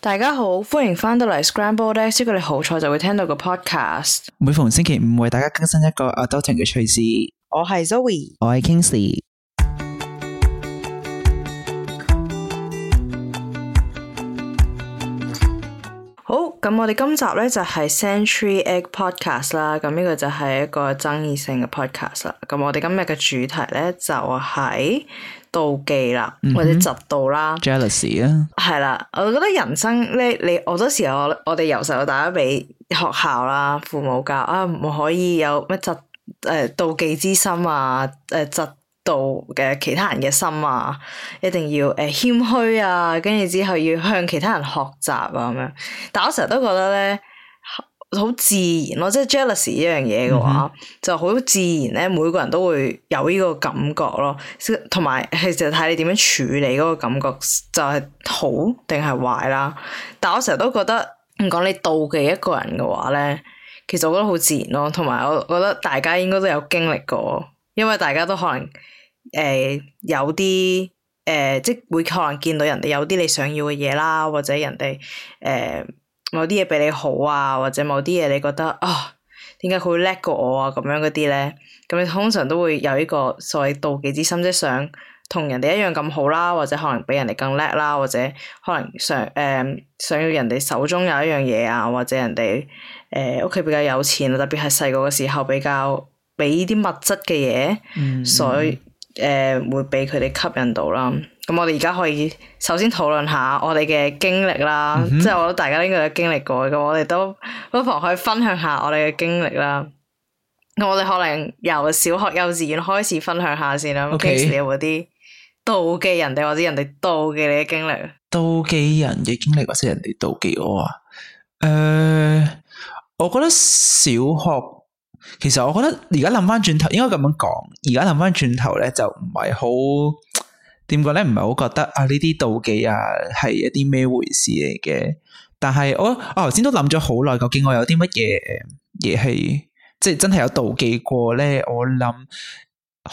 大家好，歡迎翻到嚟 Scrambled Eggs 如果你好彩就會聽到個 podcast。每逢星期五為大家更新一個 adulting 嘅趣事。我係 Zoe，我係 Kingsley 好，咁我哋今集咧就係、是、Century Egg Podcast 啦。咁呢個就係一個爭議性嘅 podcast 啦。咁我哋今日嘅主題咧就係、是。妒忌啦，或者嫉妒啦，jealousy 啊，係啦、嗯哼，我覺得人生咧，你，你我多時候我哋由細到大都俾學校啦、父母教啊，唔可以有咩嫉誒妒之心啊，誒、呃、嫉妒嘅其他人嘅心啊，一定要誒謙虛啊，跟住之後要向其他人學習啊咁樣，但我成日都覺得咧。好自然咯，即係 jealousy 呢樣嘢嘅話，嗯、就好自然咧。每個人都會有呢個感覺咯，同埋其實睇你點樣處理嗰個感覺，就係、是、好定係壞啦。但我成日都覺得，唔講你妒忌一個人嘅話咧，其實我覺得好自然咯。同埋我，我覺得大家應該都有經歷過，因為大家都可能誒、呃、有啲誒、呃，即係會可能見到人哋有啲你想要嘅嘢啦，或者人哋誒。呃某啲嘢比你好啊，或者某啲嘢你覺得啊，點解佢會叻過我啊？咁樣嗰啲咧，咁你通常都會有呢個所謂妒忌之心，即想同人哋一樣咁好啦、啊，或者可能比人哋更叻啦、啊，或者可能想誒、呃、想要人哋手中有一樣嘢啊，或者人哋誒屋企比較有錢、啊、特別係細個嘅時候比較俾啲物質嘅嘢，嗯嗯，所以誒、呃、會俾佢哋吸引到啦。咁我哋而家可以首先討論下我哋嘅經歷啦，嗯、哼。即係我覺得大家應該都經歷過，咁我哋都不妨可以分享下我哋嘅經歷啦。咁我哋可能由小學、幼稚園開始分享下先啦。平時 Okay。你有冇啲妒忌人哋，或者人哋妒忌你嘅經歷？妒忌人嘅經歷，或者人哋妒忌我啊？誒、uh，我覺得小學，其實我覺得而家諗翻轉頭，應該咁樣講，而家諗翻轉頭咧就唔係好。點解咧？唔係好覺得啊呢啲妒忌啊係一啲咩回事嚟嘅？但係我我頭先都諗咗好耐，究竟我有啲乜嘢嘢係即係真係有妒忌過咧？我諗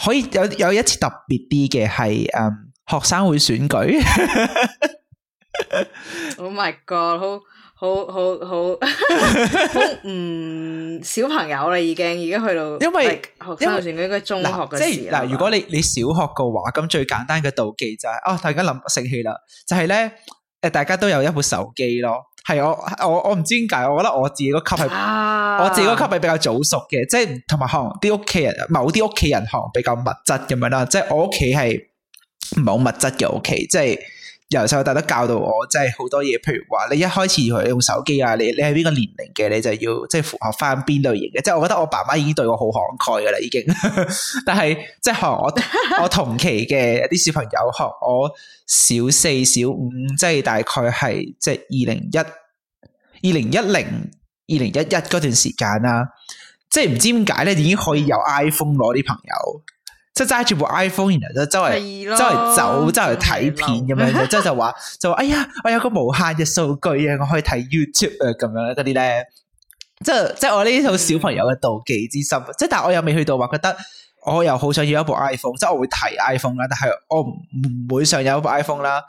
可以有有一次特別啲嘅係，嗯，學生會選舉。 Oh my God！好好好好、 嗯、小朋友啦，已經已經去到，因為學生應該中學嘅時候啦。嗱，如果你你小學嘅話，咁最簡單嘅妒忌就係、是，啊、哦、大家諗生氣啦，就係、是、咧，誒大家都有一部手機咯，係我我我唔知點解，我覺得我自己個級係，啊、我自己個級係比較早熟嘅，即係同埋可能啲屋企人，某啲屋企人可能比較物質咁樣啦，即係我屋企係唔好物質嘅屋企，即係。由細到大都教導我，即係好多嘢。譬如話，你一開始用手機啊，你你係邊個年齡嘅，你就要即係符合翻邊類型嘅。即係我覺得我爸媽已經對我好慷慨噶啦，已經。 但係即係學我 我同期嘅一啲小朋友學我小四小五，即係大概係即係二零一二零一零二零一一嗰段時間啦。即係唔知點解咧，已經可以有 iPhone 攞啲朋友。即係揸住部 iPhone，然後就周圍是的 周圍走，周圍睇片咁是的 樣嘅，即係就話 就話，哎呀，我有個無限嘅數據啊，我可以睇 YouTube 啊，咁樣嗰啲咧，即係即係我呢套小朋友嘅妒忌之心，即係但我又未去到話覺得我又好想要一部 iPhone，即係我會提 iPhone 啦，但係我唔會想有一部 iPhone 啦，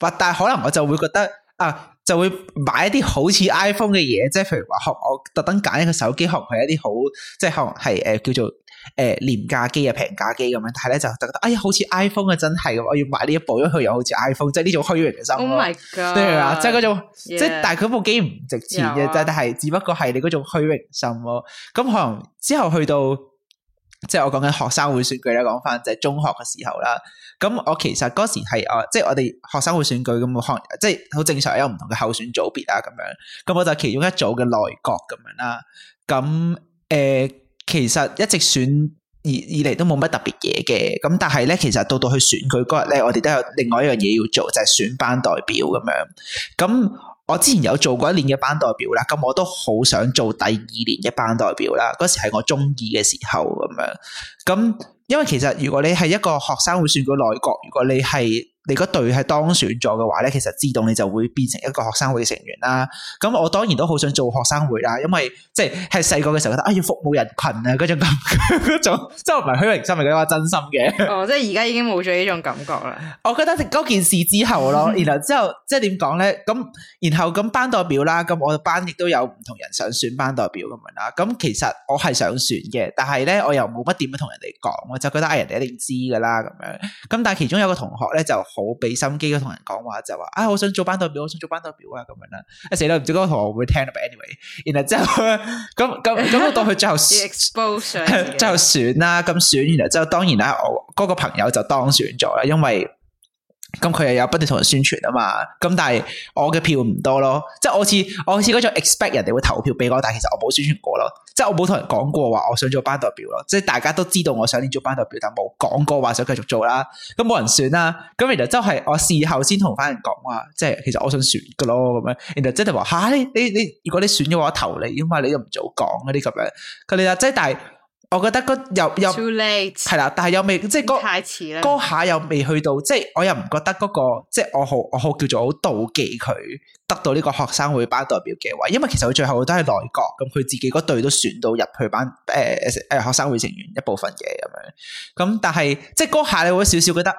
但係可能我就會覺得啊，就會買一啲好似 iPhone 嘅嘢，即係譬如話，我特登揀一個手機，可能係一啲好，即係可能係誒叫做。誒、呃，廉價機啊，平價機咁樣，但係咧就就覺得，哎呀，好似 iPhone 啊，真係，我要買呢一部，因為佢又好似 iPhone，即係呢種虛榮心。Oh my god！即係嘛，即係嗰種，Yeah. 即係，但係佢部機唔值錢嘅 Yeah.，但係只不過係你嗰種虛榮心咯。咁可能之後去到，即係我講緊學生會選舉咧，講翻即係中學嘅時候啦。咁我其實嗰時係我，即係我哋學生會選舉咁，可能即係好正常有唔同嘅候選組別啊，咁樣。咁我就其中一組嘅內閣咁樣啦。咁誒。欸。其實一直選以而嚟都冇乜特別嘢嘅，咁但係咧，其實到到去選舉嗰日咧，我哋都有另外一樣嘢要做，就係、是、選班代表咁樣。咁我之前有做過一年嘅班代表啦，咁我都好想做第二年嘅班代表啦，嗰時係我中意嘅時候咁樣。咁因為其實如果你係一個學生會選舉內閣，如果你係。你個隊係當選咗嘅話咧，其實自動你就會變成一個學生會嘅成員啦。咁我當然都好想做學生會啦，因為即係細個嘅時候覺得，啊、哎，要服務人群啊嗰種感覺，嗰種即係唔係虛榮心，係嗰個真心嘅。哦，即係而家已經冇咗呢種感覺啦。我覺得嗰件事之後咯，然後之後 即係點講咧？咁然後咁班代表啦，咁我班亦都有唔同人想選班代表咁樣啦。咁其實我係想選嘅，但係咧我又冇乜點樣同人哋講，我就覺得哎人哋一定知噶啦咁樣。咁但係其中有個同學咧就。好畀心機咁同人講話就話啊，我想做班代表，我想做班代表啊，咁樣啦，死啦，唔知嗰個同學會聽唔聽，anyway，然後之後咁咁咁到去最後，就選，就選啦，咁選完之後，當然啦，我嗰個朋友就當選咗啦，因為。咁佢又有不斷同人宣傳啊嘛，咁但係我嘅票唔多咯，即係我似我似嗰種 expect 人哋會投票俾我，但係其實我冇宣傳過咯，即係我冇同人講過話我想做班代表咯，即係大家都知道我想連做班代表，但冇講過話想繼續做啦，咁冇人選啦，啊，咁然後就係我事後先同翻人講話，即係其實我想選噶咯咁樣，然後 Jennifer 話吓你你，你如果你選咗我，我投你因嘛，你都唔早講嗰啲咁樣，佢哋話即係但係。但我覺得又又係啦，Too late. 但係又未即係嗰嗰下又未去到，即、就、係、是、我又唔覺得嗰、那個即係、就是、我好我好叫做好妒忌佢得到呢個學生會班代表嘅位，因為其實佢最後都係內閣，咁佢自己嗰隊都選到入去班誒誒、呃呃、學生會成員一部分嘅咁樣，咁但係即係嗰下你會少少覺得誒，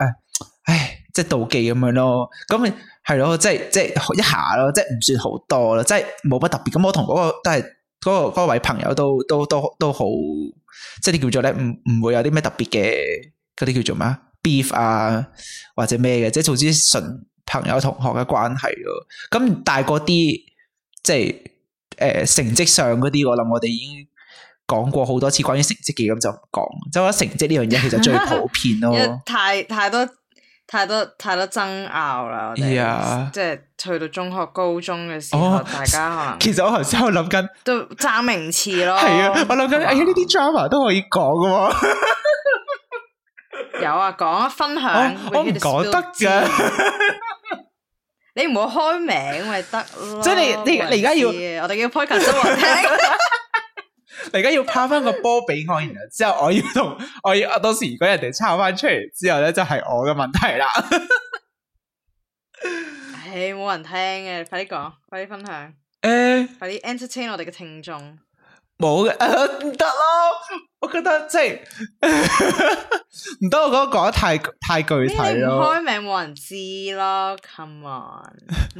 唉，即係、就是、妒忌咁樣咯，咁係咯，即係即係一下咯，即係唔算好多啦，即係冇乜特別。咁我同嗰、那個都係嗰個位朋友都都都都好。都都即係叫做咧，唔唔會有啲咩特別嘅嗰啲叫做咩啊，beef 啊或者咩嘅，即係做啲純朋友同學嘅關係咯，啊。咁大個啲，即係誒、呃、成績上嗰啲，我諗我哋已經講過好多次關於成績嘅，咁就唔講。即係話成績呢樣嘢，其實最普遍咯。 太太多。太多太多爭拗啦，即係去到中學、高中嘅時候，大家可能其實我頭先我諗緊都爭名次咯，係啊，我諗緊哎呀呢啲 drama 都可以講㗎喎，有啊，講分享，我唔講得嘅，你唔好開名咪得咯，即係你你你而家要我哋要 podcast 咯，我聽。你而家要拋翻個波畀我，然之後我要同我，我要到時如果人哋抄翻出嚟之後咧，就係、是、我嘅問題啦。唉、 哎，冇人聽嘅，快啲講，快啲分享，誒、欸，快啲 entertain 我哋嘅聽眾。冇嘅，誒唔得咯，我覺得即係唔得，我覺得講得太太具體咯。開名冇人知咯，Come on，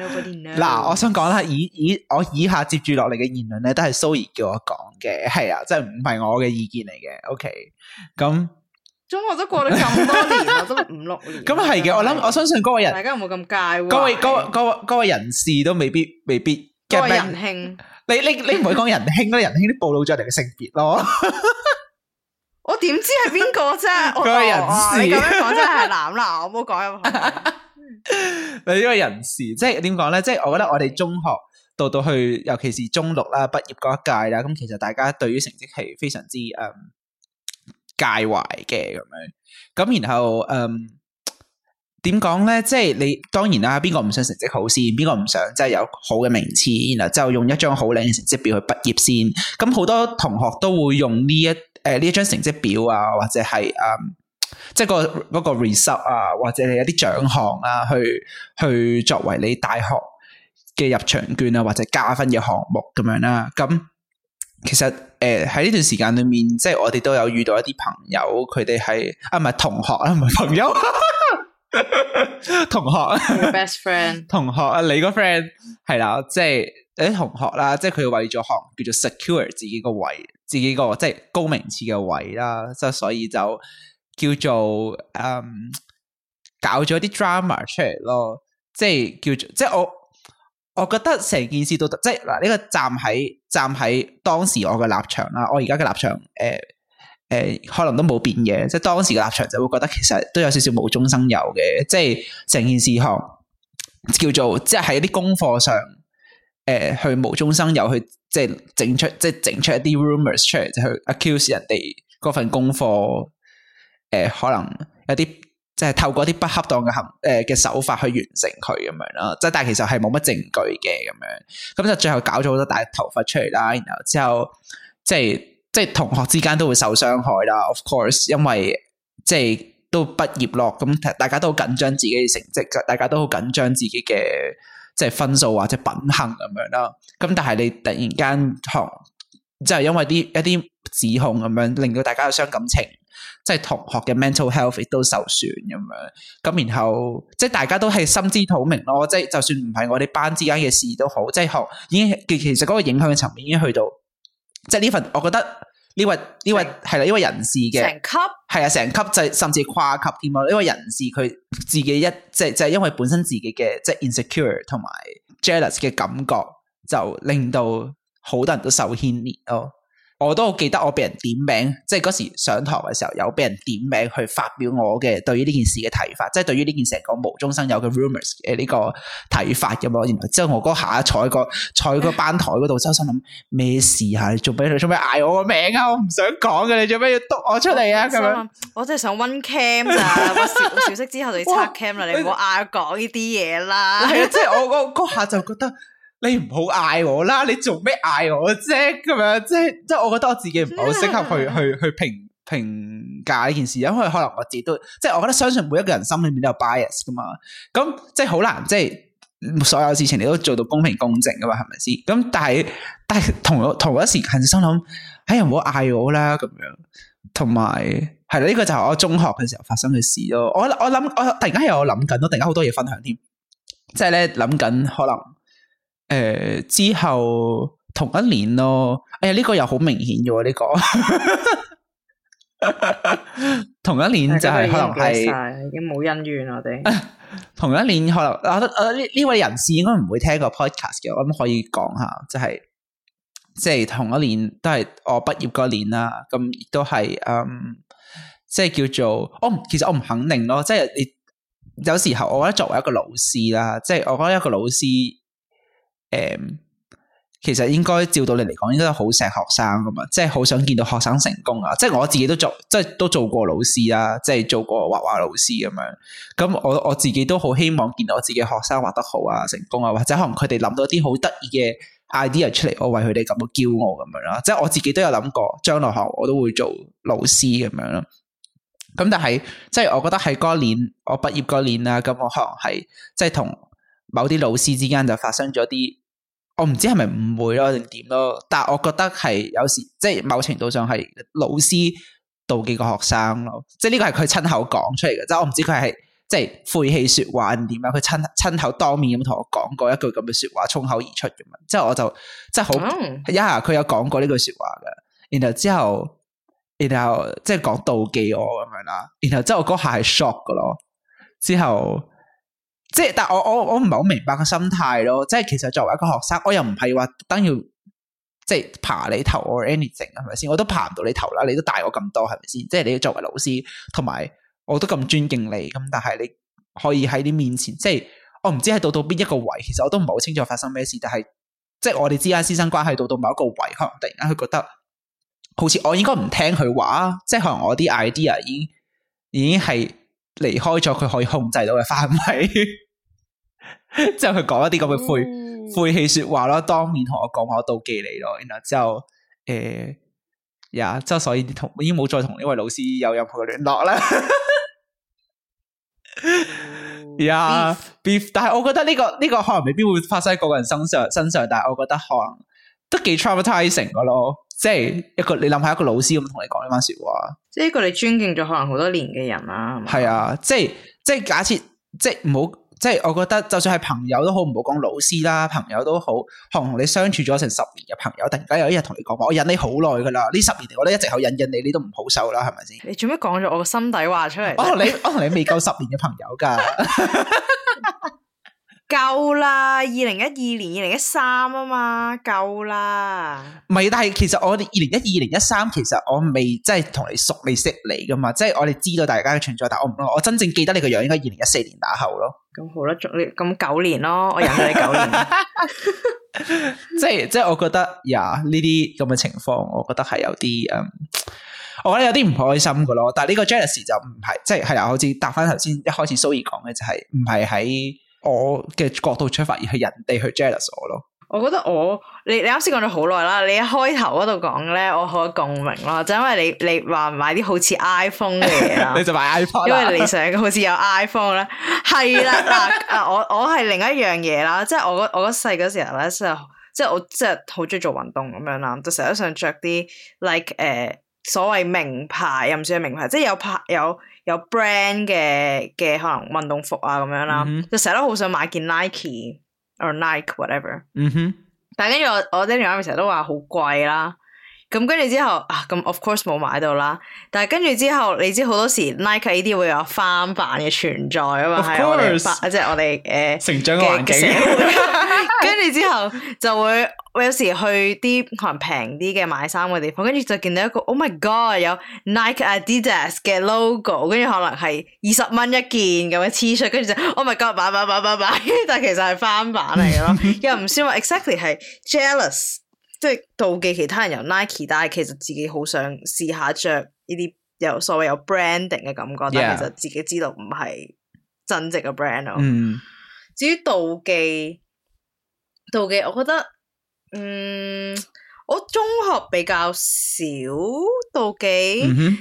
nobody knows。嗱，我想講啦，以以我以下接住落嚟嘅言論咧，都係 Zoe 叫我講嘅，係啊，即係唔係我嘅意見嚟嘅。OK，咁中學都過咗咁多年啦，都五六年。咁係嘅，我諗我相信嗰個人，大家有冇咁介？各位各位各位各位人士都未必未必。個人慶。你你你唔會講仁兄咯，仁兄都暴露咗人哋嘅性別咯。我點知係邊個啫？個人士咁樣講真係男啦，我唔好講。你呢個人士，即係點講咧？即係我覺得我哋中學到到去，尤其是中六啦、畢業嗰一屆啦，咁其實大家對於成績係非常之嗯介懷嘅咁樣。咁然後嗯。點講咧？即係你當然啦，邊個唔想成績好先？邊個唔想即係、即係、有好嘅名次？然後就用一張好靚嘅成績表去畢業先。咁好多同學都會用呢一誒呢、呃、一張成績表啊，或者係誒、嗯、即係、個、嗰個 research 啊，或者係一啲獎項啊，去去作為你大學嘅入場券啊，或者加分嘅項目咁樣啦、啊。咁其實誒喺呢段時間裏面，即係我哋都有遇到一啲朋友，佢哋係啊唔係同學啊唔係朋友。 同學，best friend， 同學啊，你個 friend 係啦，即係誒同學啦，即係佢為咗行叫做 secure 自己個位，自己個即係高名次嘅位啦，即係所以就叫做誒、嗯、搞咗啲 drama 出嚟咯，即係叫做即係我我覺得成件事都得，即係嗱呢個站喺站喺當時我嘅立場啦，我而家嘅立場誒。呃誒，可能都冇變嘅，即係當時嘅立場就會覺得其實都有少少無中生有嘅，即係成件事項叫做即係喺啲功課上，誒、呃、去無中生有去即係整出即係整出一啲 rumors 出嚟就去 accuse 人哋嗰份功課，誒、呃、可能有啲即係透過啲不恰當嘅行誒嘅、呃、手法去完成佢咁樣啦，即係但係其實係冇乜證據嘅咁樣，咁就最後搞咗好多大頭佛出嚟啦，然後之後即係。即係同學之間都會受傷害啦，Of course，因為即係都畢業咯，咁大家都好緊張自己嘅成績，大家都好緊張自己嘅即係分數或者品行咁樣啦。咁但係你突然間同，即係、就是、因為啲一啲指控咁樣，令到大家有傷感情，即係同學嘅 mental health 亦都受損咁樣。咁然後即係大家都係心知肚明咯，即係就算唔係我哋班之間嘅事都好，即係已經其實嗰個影響嘅層面已經去到。即係呢份，我覺得呢位呢位係啦，呢位人士嘅成級，係啊，成級就甚至跨級添咯。呢位人士，佢自己一即係即係，因為本身自己嘅即係 insecure 同埋 jealous 嘅感覺，就令到好多人都受牽連咯。哦我都好記得我俾人點名，即係嗰時上堂嘅時候有俾人點名去發表我嘅對於呢件事嘅睇法，即係對於呢件成個無中生有嘅 rumors 誒呢個睇法咁咯。然之後我嗰下坐喺個坐喺個班台嗰度，心諗咩事啊？你做咩你做咩嗌我個名啊？我唔想講嘅，你做咩要督我出嚟啊？咁樣我真係想 one cam 咋？我小息之後就要拆 cam 啦，你唔好嗌講呢啲嘢啦。係 啊，即、就、係、是、我嗰下就覺得。你唔好嗌我啦！你做咩嗌我啫？咁樣即係即係，即係我覺得我自己唔好適合去 去去評評價呢件事，因為可能我自己都即係，即係我覺得相信每一個人心裏面都有 bias 噶嘛。咁即係好難，即係所有事情你都做到公平公正噶嘛？係咪先？咁但係但係，同我同一時間心諗，哎唔好嗌我啦咁樣。同埋係啦，呢個就係我中學嘅時候發生嘅事咯。我我諗我突然間係我諗緊咯，突然間好多嘢分享添，即係咧諗緊可能。誒、呃，之後同一年咯，哎呀，呢、這個又好明顯嘅喎，呢、這個 同一年就係、是、 可能係 已經冇恩怨啦，我哋 同一年可能，我呢呢位人士應該唔會聽個 podcast 嘅，我諗可以講下，即係即係同一年都係我畢業嗰年啦，咁亦都係，嗯，即係叫做我、哦，其實我唔肯定咯，即係你有時候我覺得作為一個老師啦，即、就、係、是、我覺得一個老師。誒，um, 其實應該照道理嚟講，應該都好錫學生噶嘛，即係好想見到學生成功啊！即係我自己都做，即係都做過老師啦，啊，即係做過畫畫老師咁樣。咁我我自己都好希望見到我自己學生畫得好啊，成功啊，或者可能佢哋諗到啲好得意嘅 idea 出嚟，我為佢哋咁樣驕傲咁樣啦。即係我自己都有諗過，將來學我都會做老師咁樣啦。咁但係即係我覺得喺嗰年我畢業嗰年啊，咁我可能係即係同某啲老師之間就發生咗啲。我唔知係咪誤會咯定點咯，但係我覺得係有時即係某程度上係老師妒忌個學生咯，即係呢個係佢親口講出嚟嘅，即係我唔知佢係即係晦氣說話定點樣，佢親親口當面咁同我講過一句咁嘅說話衝口而出咁樣，之後我就即係好一下佢有講過呢句說話嘅，然後之後然後即係講妒忌我咁樣啦，然後之後嗰下係 shock 嘅咯，之後。即係，但我我我唔係好明白個心態咯。即係其實作為一個學生，我又唔係話等於即係爬你頭 or anything 係咪先？我都爬唔到你頭啦，你都大我咁多，係咪先？即係你作為老師，同埋我都咁尊敬你，咁但係你可以喺你面前，即係我唔知係到到邊一個位，其實我都唔係好清楚發生咩事。但係即係我哋之間師生關係到到某一個位，可能突然間佢覺得好似我應該唔聽佢話，即係可能我啲 idea 已經已經係。離開咗佢可以控制到嘅範圍，之後佢講一啲咁嘅晦晦氣說話咯，當面同我講，我妒忌你咯，然後之後誒，呀、呃，之後所以同已經冇再同呢位老師有任何嘅聯絡啦。呀，但係我覺得呢個呢個可能未必會發生喺個人身上身上，但係我覺得可能都幾 traumatizing 噶咯。即係一個，你諗下一個老師咁同你講呢番說話，即係一個你尊敬咗可能好多年嘅人啦，啊。係啊，即係即係假設即係唔好即係，我覺得就算係朋友都好，唔好講老師啦，朋友都好，可能同你相處咗成十年嘅朋友，突然間有一日同你講話，我忍你好耐噶啦，呢十年我都一直好忍忍你，你都唔好受啦，係咪先？你做咩講咗我個心底話出嚟？ 我同你，我同你未夠十年嘅朋友噶。 夠啦，二零一二年、二零一三啊嘛，夠啦。唔係，但係其實我哋二零一二、零一三，其實我未即係同你熟你，你識你噶嘛，即係我哋知道大家嘅存在，但係我唔，我真正記得你個樣應該二零一四年打後咯。咁好啦，咁九年咯，我忍咗你九年。即係即係，我覺得呀，呢啲咁嘅情況，我覺得係有啲，我覺得有啲唔開心噶咯。但係呢個 Janice 就唔係，即係係啊，好似答翻頭先一開始蘇怡講嘅就係唔係喺。我嘅角度出發，而係人哋去 judge 我咯。我覺得我你你啱先講咗好耐啦，你，你，你一開頭嗰度講咧，我好共鳴啦，就是、因為你你話買啲好似 iPhone 嘅嘢啊， 你就買 iPhone，因為你想好似有 iPhone 咧，係 啦嗱，啊我我係另一樣嘢啦， 即係我我嗰細嗰時候咧就即係我即係好中意做運動咁樣啦，就成日都想着啲 like 誒、呃、所謂名牌又唔算係名牌，即係有牌有。有有有有有有有 brand 嘅嘅可能運動服啊咁樣啦，mm hmm. 就成日都好想買件 Nike or Nike whatever，mm hmm. 但係跟住我我爹哋媽咪成日都話好貴啦。咁跟住之後啊，咁 of course 冇買到啦。但係跟住之後，你知好多時 Nike 呢啲會有翻版嘅存在啊嘛，係我然即係我哋誒、呃、成長嘅環境。跟住之後就會我有時去啲可能平啲嘅買衫嘅地方，跟住就見到一個 oh my god 有 Nike Adidas 嘅 logo，跟住可能係二十蚊一件咁樣 T 恤，跟住就 oh my god 買買買買買，但係其實係翻版嚟嘅咯， 又唔算話 exactly 係 jealous。即係妒忌其他人有 Nike 戴，其實自己好想試下着呢啲有所謂有 branding 嘅感覺，Yeah. 但其實自己知道唔係真正嘅 brand 咯。Mm. 至於妒忌，妒忌我覺得，嗯，我中學比較少妒忌，妒忌 mm hmm.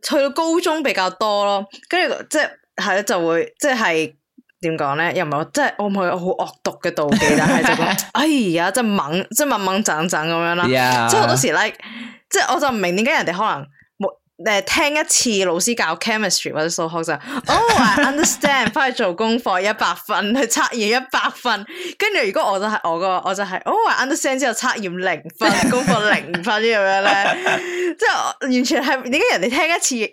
去到高中比較多咯，跟住即係咧就會即係。點講咧？又唔係即係我唔係好惡毒嘅妒忌，但係就講哎呀，真 like, 即係猛，即係掹掹探探咁樣啦。即係好多時 like 即係我就唔明點解人哋可能冇誒聽一次老師教 chemistry 或者數學就是、oh、I、understand，翻 去做功課一百分去測驗一百分，跟住如果我就係我個，我就係、是、哦、oh, understand 之後測驗零分，功課零分咁樣咧，即係完全係點解人哋聽一次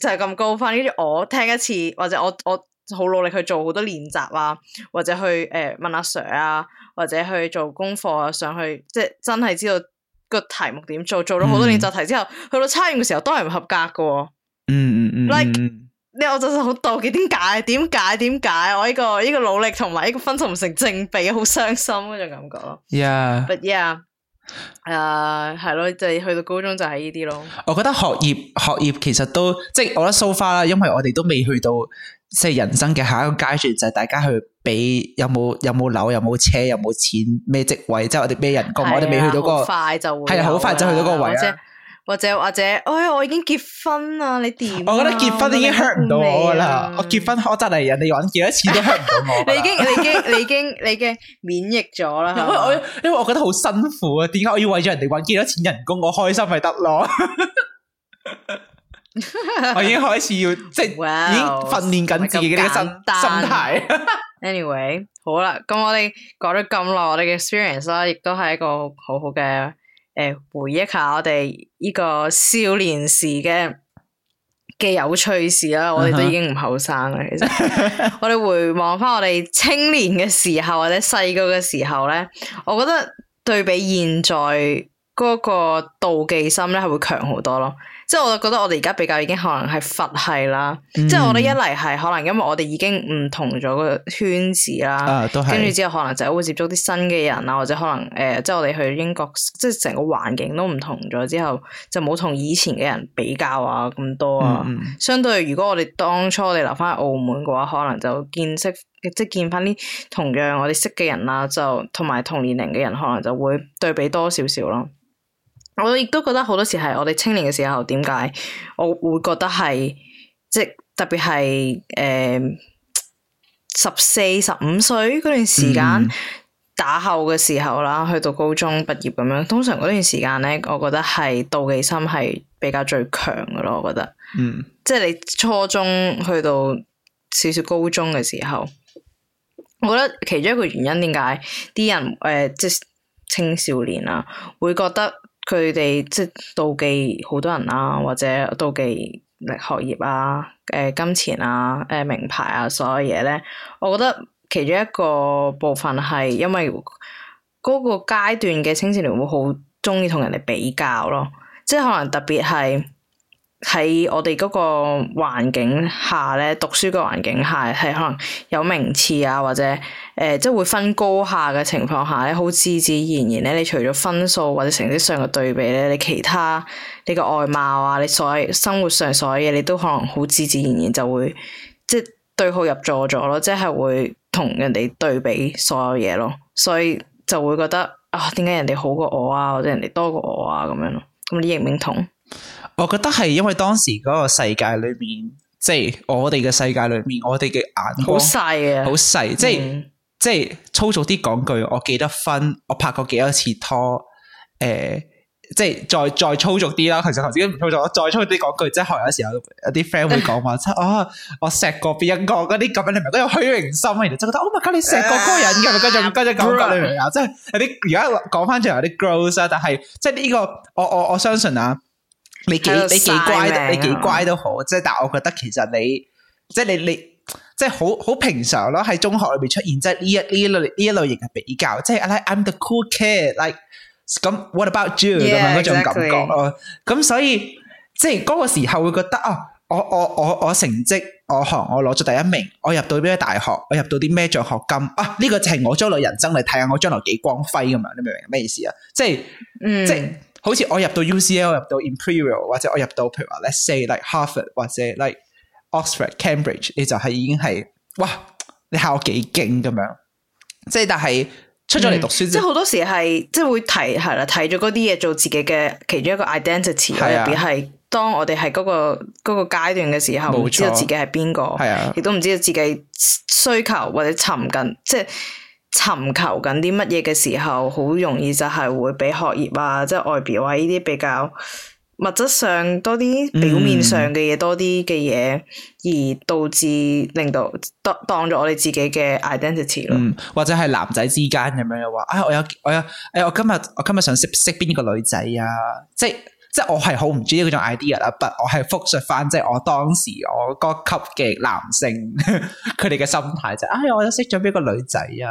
就係咁高分，跟住我聽一次或者我我。我我我我我我好努力去做好多練習啊，或者去誒、呃、問阿 Sir 啊，或者去做功課上、啊、去，即係真係知道個題目點做，做咗好多練習題之後，嗯、去到測驗嘅時候都係唔合格嘅、哦嗯。嗯 like, 嗯嗯，like 你我就好妒忌，點解點解點解我呢、這個依、這個努力同埋呢個分數唔成正比，好傷心嗰種感覺咯。Yeah，but yeah，誒係咯，就係去到高中就係呢啲咯。我覺得學業學業其實都即係我覺得、so、far 啦，因為我哋都未去到。即係人生嘅下一個階段，就係大家去俾有冇有冇樓，有冇車，有冇錢，咩職位，即係我哋咩人工，啊、我哋未去到嗰、嗰個，係啊，好快就、啊、就去到嗰個位啦。或者或者、哎，我已經結婚啦，你點、啊？我覺得結婚已經 hurt 唔到我噶啦，你你啊、我結婚我真係人哋搵幾多錢都 hurt 唔到我了 你。你已經你已經你已經你已經免疫咗啦。 因為我因為我覺得好辛苦啊，點解我要為咗人哋搵幾多錢人工，我開心咪得咯？ 我已經開始要即 wow，已經訓練緊自己嘅心心態。Anyway，好啦，咁我哋講咗咁耐，我哋嘅 experience 啦，亦都係一個好好嘅誒回憶一下我哋呢個少年時嘅嘅有趣事啦。我哋都已經唔後生啦，uh huh。其實我哋回望翻我哋青年嘅時候或者細個嘅時候咧，我覺得對比現在嗰個妒忌心咧係會強好多咯。即係我覺得我哋而家比較已經可能係佛系啦，嗯、即係我覺得一嚟係可能因為我哋已經唔同咗個圈子啦，跟住、啊、之後可能就會接觸啲新嘅人啦，或者可能誒、呃，即係我哋去英國，即係成個環境都唔同咗之後，就冇同以前嘅人比較啊咁多啊。嗯嗯、相對，如果我哋當初我哋留翻去澳門嘅話，可能就見識即係見翻啲同樣我哋識嘅人啦，就同埋同年齡嘅人，可能就會對比多少少咯。我亦都覺得好多時係我哋青年嘅時候，點解我會覺得係即係特別係誒十四十五歲嗰段時間、嗯、打後嘅時候啦，去到高中畢業咁樣，通常嗰段時間咧，我覺得係妒忌心係比較最強嘅咯，我覺得。嗯。即係你初中去到少少高中嘅時候，我覺得其中一個原因點解啲人誒、呃、即係青少年啊會覺得，佢哋即妒忌好多人啊，或者妒忌力學業啊、誒、呃、金錢啊、誒、呃、名牌啊，所有嘢咧，我覺得其中一個部分係因為嗰個階段嘅青少年會好中意同人哋比較咯，即係可能特別係。喺我哋嗰個環境下咧，讀書嘅環境下係可能有名次啊，或者誒、呃、即係會分高下嘅情況下咧，好自自然然咧，你除咗分數或者成績上嘅對比咧，你其他你嘅外貌啊，你所謂生活上所有嘢，你都可能好自自然然就會即係對號入座咗咯，即係會同人哋對比所有嘢咯，所以就會覺得啊，點解人哋好過我啊，或者人哋多過我啊咁樣咯，咁你認唔認同？我覺得係因為當時嗰個世界裏面，即係我哋嘅世界裏面，我哋嘅眼好細啊，好細，即係即係粗俗啲講句，我記得分，我拍過幾多次拖，欸，誒、就是，即係再再粗俗啲啦。其實頭先唔粗俗，我再粗俗啲講句，即係後日有時候有啲 friend 會講話、 啊，哦，我錫過邊一個，嗰啲咁樣你咪都有虛榮心啊，而真覺得，Oh my god，你錫過嗰個人嘅，跟住跟住講得你明啊，即係有啲而家講翻轉有啲 gross 啊，但係即係呢個，我我我，我，我相信啊。你幾你幾乖，你幾乖都好，即係，但係我覺得其實你，即係你你，即係好好平常咯。喺中學裏邊出現，即係呢一呢類呢類型嘅比較，即係 like I'm the cool kid，like 咁 What about you 咁樣嗰種感覺咯。咁 exactly. 所以即係嗰個時候會覺得啊、哦，我我我我成績，我學，我攞咗第一名，我入到呢個大學，我入到啲咩獎學金啊？呢、這個就係我將來人生嚟睇下我將來幾光輝咁樣，你明唔明咩意思啊？即係，mm. 即係。好似我入到 UCL 入到 Imperial 或者我入到譬如話 Let's say like Harvard 或者 like Oxford Cambridge 你就係已經係哇你考幾勁咁樣，嗯，即係但係出咗嚟讀書即係好多時係即係會睇係啦睇咗嗰啲嘢做自己嘅其中一個 identity 入邊係的當我哋係嗰個嗰，嗰個階段嘅時候，唔錯知道自己係邊個，亦的都唔知道自己需求或者尋根即係。尋求緊啲乜嘢嘅時候，好容易就係會俾學業啊，即係外表啊呢啲比較物質上多啲表面上嘅嘢，多啲嘅嘢，嗯、而導致令到當當咗我哋自己嘅 identity 咯、嗯。或者係男仔之間咁樣話啊、哎，我有我有誒、哎，我今日我今日想識識邊個女仔啊，即係。即係我係好唔中意嗰種 idea 啊！but，我係複述翻即係我當時我嗰級嘅男性佢哋嘅心態就係、是、哎呀，我有識咗邊個女仔啊！誒、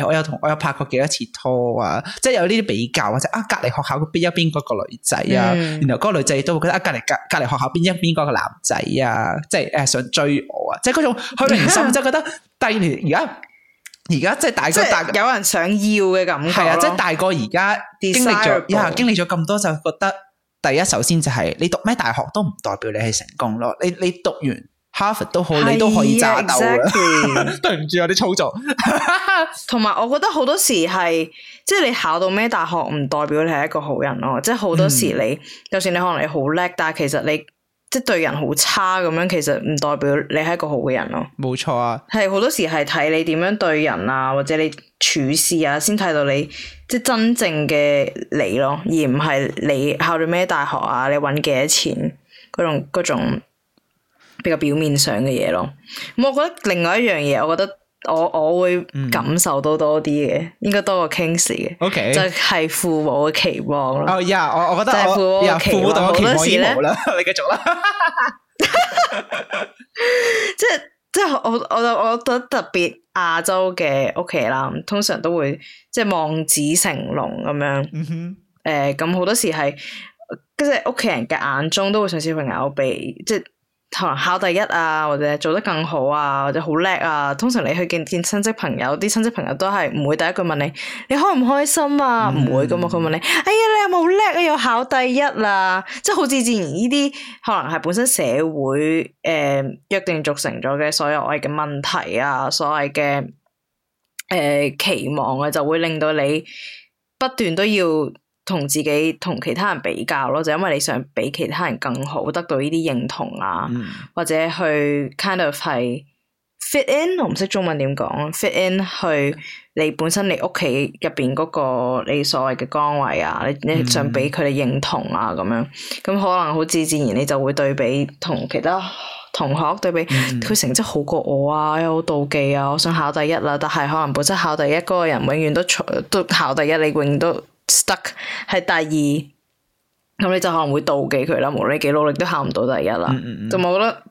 哎，我有同我有拍過幾多次拖啊！即係有呢啲比較或者啊，隔籬學校邊一邊嗰個女仔啊，嗯、然後嗰個女仔都覺得啊，隔籬隔隔籬學校邊一邊嗰個男仔啊，即係誒、呃、想追我啊！即係嗰種虛榮心，嗯、就係覺得第二而家而家即係大，大即係有人想要嘅感覺係啊！即、就、係、是、大個而家經歷咗，Desirable 經歷咗咁多就覺得。第一，首先就係你讀咩大學都唔代表你係成功咯。你你讀完哈佛都好， 你都可以渣斗嘅，Exactly. 對唔住，有啲操作。同埋，我覺得好多時係即係你考到咩大學，唔代表你係一個好人咯。即係好多時你，就算、嗯、你可能你好叻，但係其實你。即係對人好差咁樣，其實唔代表你係一個好嘅人咯。冇錯啊，係好多時係睇你點樣對人啊，或者你處事啊，先睇到你即係真正嘅你咯，而唔係你考到咩大學啊，你揾幾多錢嗰種嗰種比較表面上嘅嘢咯。咁我覺得另外一樣嘢，我覺得。我我會感受到多啲嘅，應該多過 Kingsley 嘅，Okay. 就係父母嘅期望咯。哦、oh, yeah，呀，我我覺得，呀，父母好、yeah, 多時咧，你繼續啦 即係即係我我我覺得特別亞洲嘅屋企啦，通常都會即係望子成龍咁樣。誒、mm，咁、hmm. 好、呃、多時係，即係屋企人嘅眼中都會想小朋友咬鼻，即係。可能考第一啊，或者做得更好啊，或者好叻啊。通常你去見見親戚朋友，啲親戚朋友都係唔會第一句問你，你開唔開心啊，唔、嗯、會噶嘛。佢問你，哎呀，你有冇叻啊？又考第一啦，即係好似自然呢啲可能係本身社會誒、呃、約定俗成咗嘅所有愛嘅問題啊，所謂嘅誒、呃、期望啊，就會令到你不斷都要。同自己同其他人比較咯，就是、因為你想比其他人更好，得到呢啲認同啊，mm hmm. 或者去 kind of 係 fit in，我唔識中文點講 fit in 去你本身你屋企入邊嗰個你所謂嘅崗位啊，你你想俾佢哋認同啊，咁、mm hmm. 樣咁可能好自自然，你就會對比同其他同學對比，佢、mm hmm. 成績好過我啊，有好妒忌啊，我想考第一啦，但係可能本身考第一嗰、嗰個人永遠都都考第一，你永遠都。Stuck 係第二，咁你就可能會妒忌佢啦。無論你幾努力都考唔到第一啦。就冇、嗯嗯嗯、我覺得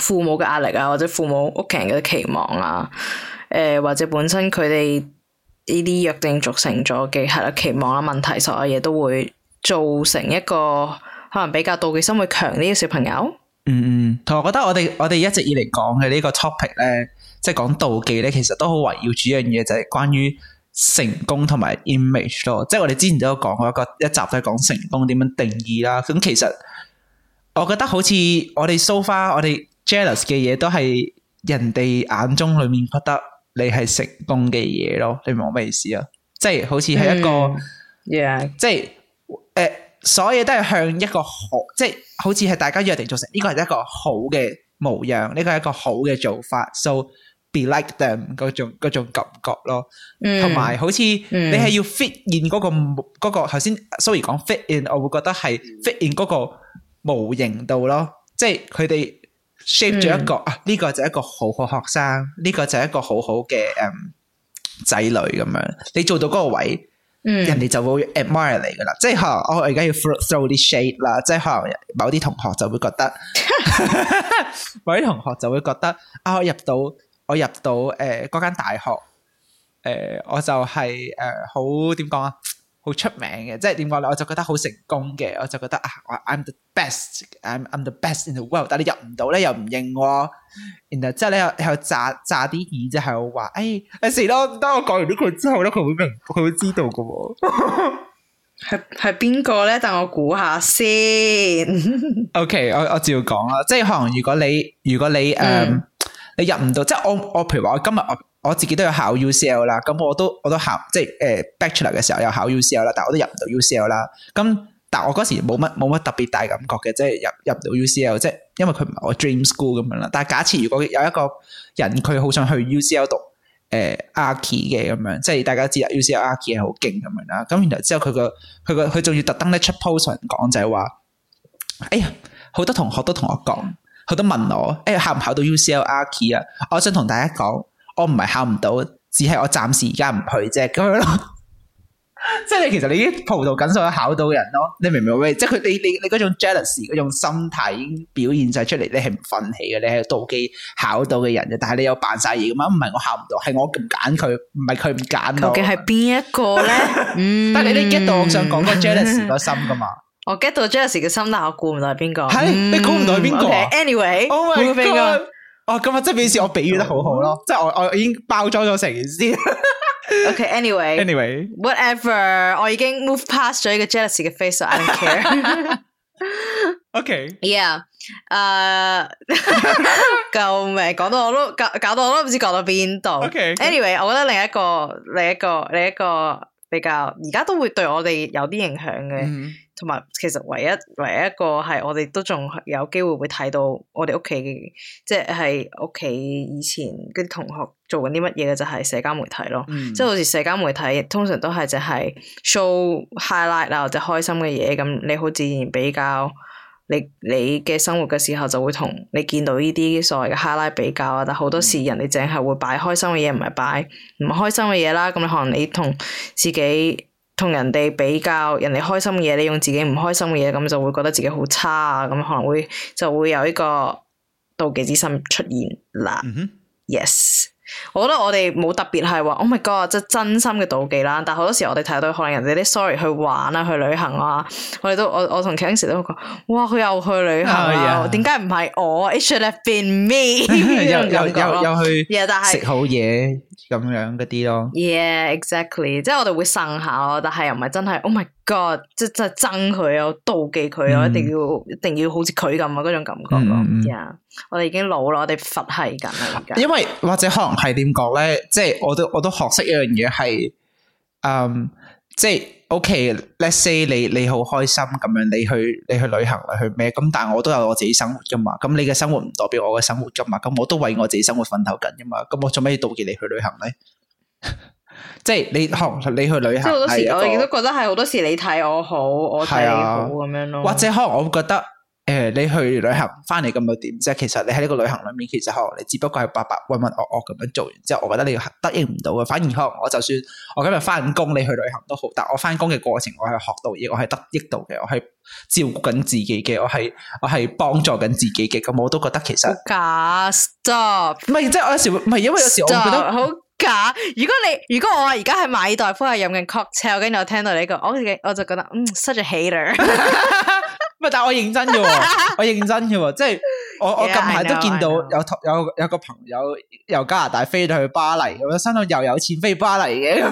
父母嘅壓力啊，或者父母屋企人嘅期望啊，誒、呃、或者本身佢哋呢啲約定促成咗嘅係啦期望啦、啊、問題，所有嘢都會造成一個可能比較妒忌心會強啲嘅小朋友。嗯嗯，同我覺得我哋我哋一直以嚟講嘅呢個 topic 咧，即係講妒忌咧，其實都好圍繞住一樣嘢，就係、是、關於。成功同埋 image 咯，即係我哋之前都有講過一個一集都係講成功點樣定義啦。咁其實我覺得好似我哋 so far 我哋 jealous 嘅嘢都係人哋眼中裏面覺得你係成功嘅嘢咯。你明我咩意思啊？即係好似係一個、mm, yeah. 即係誒，uh, 所有嘢都係向一個好，即係好似係大家約定做成呢個係一個好嘅模樣，呢個係一個好嘅做法。so like them 嗰種嗰種感覺咯，同埋好似你係要 fit in 嗰個嗰個頭先，sorry 講 fit in，我會覺得係 fit in 嗰個模型度咯，即係佢哋 shape 咗一個啊呢個就一個好好學生，呢個就一個好好嘅誒仔女咁樣，你做到嗰個位，人哋就會 admire 你噶啦，即係可能我而家要 throw 啲 shape 啦，即係可能某啲同學就會覺得，某啲同學就會覺得啊入到。我入到誒嗰間大學，誒、呃、我就係誒好點講啊，好、呃、出名嘅，即係點講咧？我就覺得好成功嘅，我就覺得啊，I'm the best，I'm I'm the best in the world。但你入唔到咧，又唔認我，然後之後咧又又炸炸啲耳之後話，誒，有時咧，當我講完呢句之後咧，佢會明白，佢會知道嘅喎、哦。 係係邊個咧？但我估下先。OK，我我照講啦，即係可能如果你如果你誒。嗯你入唔到，即係我我譬如話，我今日我我自己都有考 UCL 啦，咁我都我都考即係誒 Bachelor 嘅時候有考 UCL 啦，但係我都入唔到 UCL 啦。咁但係我嗰時冇乜冇乜特別大感覺嘅，即係入入唔到 UCL，即係因為佢唔係我 dream school 咁樣啦。但係假設如果有一個人佢好想去 UCL 讀誒 Arch 嘅咁樣，即係大家知 UCL Arch 係好勁咁樣啦。咁然後之後佢個佢個佢仲要特登咧出 post 講就係話，哎呀，好多同學都同我講。佢都問我，誒，考唔考到 UCL 啊我想同大家講，我唔係考唔到，只係我暫時而家唔去啫，咁樣咯。即係你其實你已經葡萄緊所有考到嘅人咯，你明唔明？喂，即係佢你你你嗰種 jealous 嗰種心態已經表現晒出嚟，你係唔忿氣嘅，你係妒忌考到嘅人嘅，但係你又扮晒嘢咁啊唔係我考唔到，係我唔揀佢，唔係佢唔揀我，究竟係邊一個咧？但係你一度我想講個 jealous 嗰心噶嘛。我 get 到 jealousy 嘅心，但係我估唔到係邊個。係，你估唔到係邊個？Anyway，我唔知邊個。哦，咁咪即係表示我比喻得好好咯，即係我我已經包裝咗成件事。Okay，Anyway，Anyway，Whatever，我已經 move past 咗呢個 jealousy 嘅 face，所以 I don't care。Okay。Yeah，誒，救命！講到我都搞搞到我都唔知講到邊度。Okay。Anyway，我覺得另一個、另一個、另一個。比較而家都會對我哋有啲影響嘅，同埋、mm hmm. 其實唯一唯一一個係我哋都仲有機會會睇到我哋屋企嘅，即係屋企以前啲同學做緊啲乜嘢嘅就係、係、社交媒體咯。Mm hmm. 即係好似社交媒體通常都係淨係 show highlight 啦，或者開心嘅嘢咁，你好自然比較，你你嘅生活嘅時候就會同你見到呢啲所謂嘅 highlight 比較啊，但好多時人哋淨係會擺開心嘅嘢，唔係擺唔開心嘅嘢啦。咁可能你同自己同人哋比較，人哋開心嘅嘢，你用自己唔開心嘅嘢，咁就會覺得自己好差啊。咁可能會就會有呢個妒忌之心出現啦。Mm hmm. Yes. 我覺得我哋冇特別係話 oh my god，即係真心嘅妒忌啦。但係好多時我哋睇到可能人哋啲 sorry 去玩啊，去旅行啊，我哋都我我同 Kingsley 都講，哇佢又去旅行，啊。點解唔係我？It should have been me 嗰 又 去 yeah, 但，又去食好嘢咁樣嗰啲咯。Yeah exactly，即係我哋會呻下咯，但係又唔係真係 oh my god，即係即係憎佢啊，即係、妒忌佢啊、mm hmm.。一定要一定要好似佢咁啊嗰種感覺咯。Mm hmm. yeah. 我哋已經老啦，我哋佛係緊啦，因為或者可能係點講咧，即係我都我都學識一樣嘢係，嗯，即係，OK，Let's say 你你好開心咁樣，你去你去旅行去咩咁？但係我都有我自己生活噶嘛，咁你嘅生活唔代表我嘅生活噶嘛，咁我都為我自己生活奮鬥緊噶嘛，咁我做咩要妒忌你去旅行咧？ 即係你可能你去旅行，好多時我亦都覺得係好多時你睇我好，我睇你好咁是、啊、樣咯。或者可能我會覺得。誒、呃，你去旅行翻嚟咁又點啫？即係其實你喺呢個旅行裏面，其實可能你只不過係白白渾渾噩噩咁樣做完之後，我覺得你得益唔到嘅。反而可能我就算我今日翻工，你去旅行都好，但我翻工嘅過程我，我係學到嘢，我係得益到嘅，我係照顧緊自己嘅，我係我係幫助緊自己嘅。咁我都覺得其實假 stop，唔係即係我有時唔係因為有時 stop, 我覺得好假。如果你如果我而家喺馬爾代夫係飲緊 cocktail，跟住我聽到呢、這個，我我就覺得嗯，such a hater。 但係我認真嘅，我認真嘅，即係我我近排都見到有有有個朋友由加拿大飛到去巴黎，咁樣身上又有錢飛巴黎嘅。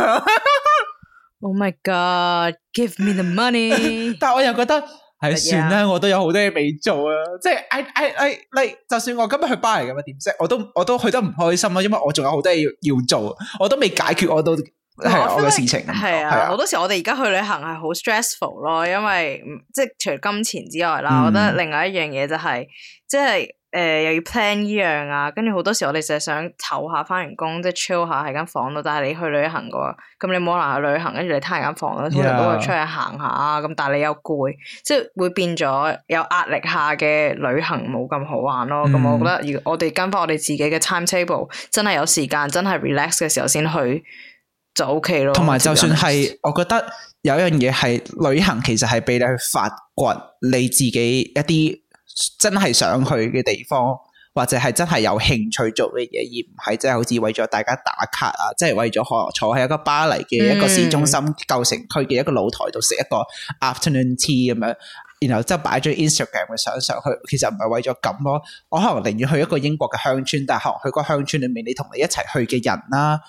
Oh my God，give me the money。但係我又覺得係算啦，我都有好多嘢未做啊，即係，哎哎哎，你就算我今日去巴黎咁樣點啫，我都我都去得唔開心啊，因為我仲有好多嘢要要做，我都未解決，我都。好多事情係啊！好多時我哋而家去旅行係好 stressful 咯，因為即係除咗金錢之外啦，嗯、我覺得另外一樣嘢就係、是，即係誒、呃、又要 plan 呢樣啊，跟住好多時我哋成日想唞下，翻完工即係 chill 下喺間房度。但係你去旅行嘅話，咁你冇可能去旅行，跟住你貪間房咧，都係出去行下咁。Yeah. 但係你又攰，即係會變咗有壓力下嘅旅行冇咁好玩咯。咁、嗯、我覺得，如我哋跟翻我哋自己嘅 timetable，真係有時間，真係 relax 嘅時候先去。就 O K 咯，同埋有實就算係，我覺得有一樣嘢係旅行，其實係俾你去發掘你自己一啲真係想去嘅地方，或者係真係有興趣做嘅嘢，而唔係即係好似為咗大家打卡啊，即係為咗可坐喺一個巴黎嘅一個市中心舊城區嘅一個露台度食一個 afternoon tea 咁樣。然後即係擺咗 Instagram 嘅相上去，其實唔係為咗咁咯。我可能寧願去一個英國嘅鄉村，但係可能去個鄉村裏面，你同你一齊去嘅人啦、啊，誒、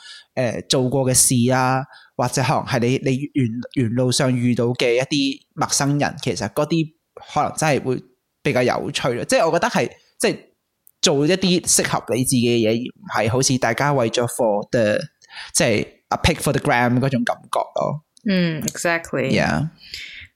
呃，做過嘅事啊，或者可能係你你沿沿路上遇到嘅一啲陌生人，其實嗰啲可能真係會比較有趣咯。即、就、係、是、我覺得係即係做一啲適合你自己嘅嘢，而唔係好似大家為咗 for the 即係 a pic for the gram 嗰種感覺咯。嗯、mm,，exactly，yeah。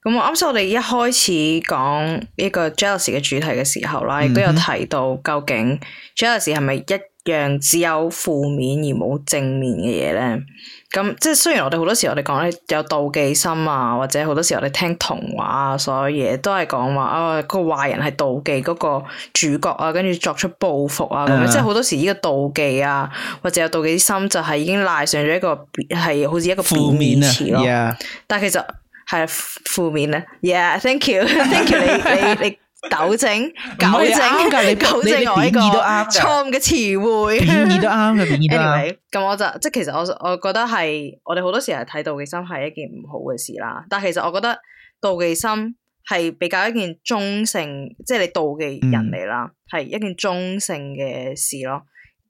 咁、嗯嗯、哼 我啱先，我哋一開始講呢、呢個 jealousy 嘅主題嘅時候啦，亦都有提到究竟 jealousy 係咪一樣只有負面而冇正面嘅嘢咧？咁即係雖然我哋好多時我哋講咧有妒忌心啊，或者好多時我哋聽童話啊，所有嘢都係講話啊個壞人係妒忌嗰個主角啊，跟住作出報復啊，咁樣、嗯、哼 即係好多時呢個妒忌啊或者有妒忌心就係已經賴上咗一個係好似一個負面詞咯，啊 yeah. 但係其實。係負面啊，yeah，thank you，thank you， 你你你糾正糾正糾正我呢個錯誤嘅詞彙，貶 都啱嘅，貶義啦。咁、 anyway, 我就即係其實我我覺得係我哋好多時候睇妒忌心係一件唔好嘅事啦。但係其實我覺得妒忌心係比較一件中性，即、就、係、是、你妒忌人嚟啦，係、嗯、一件中性嘅事咯。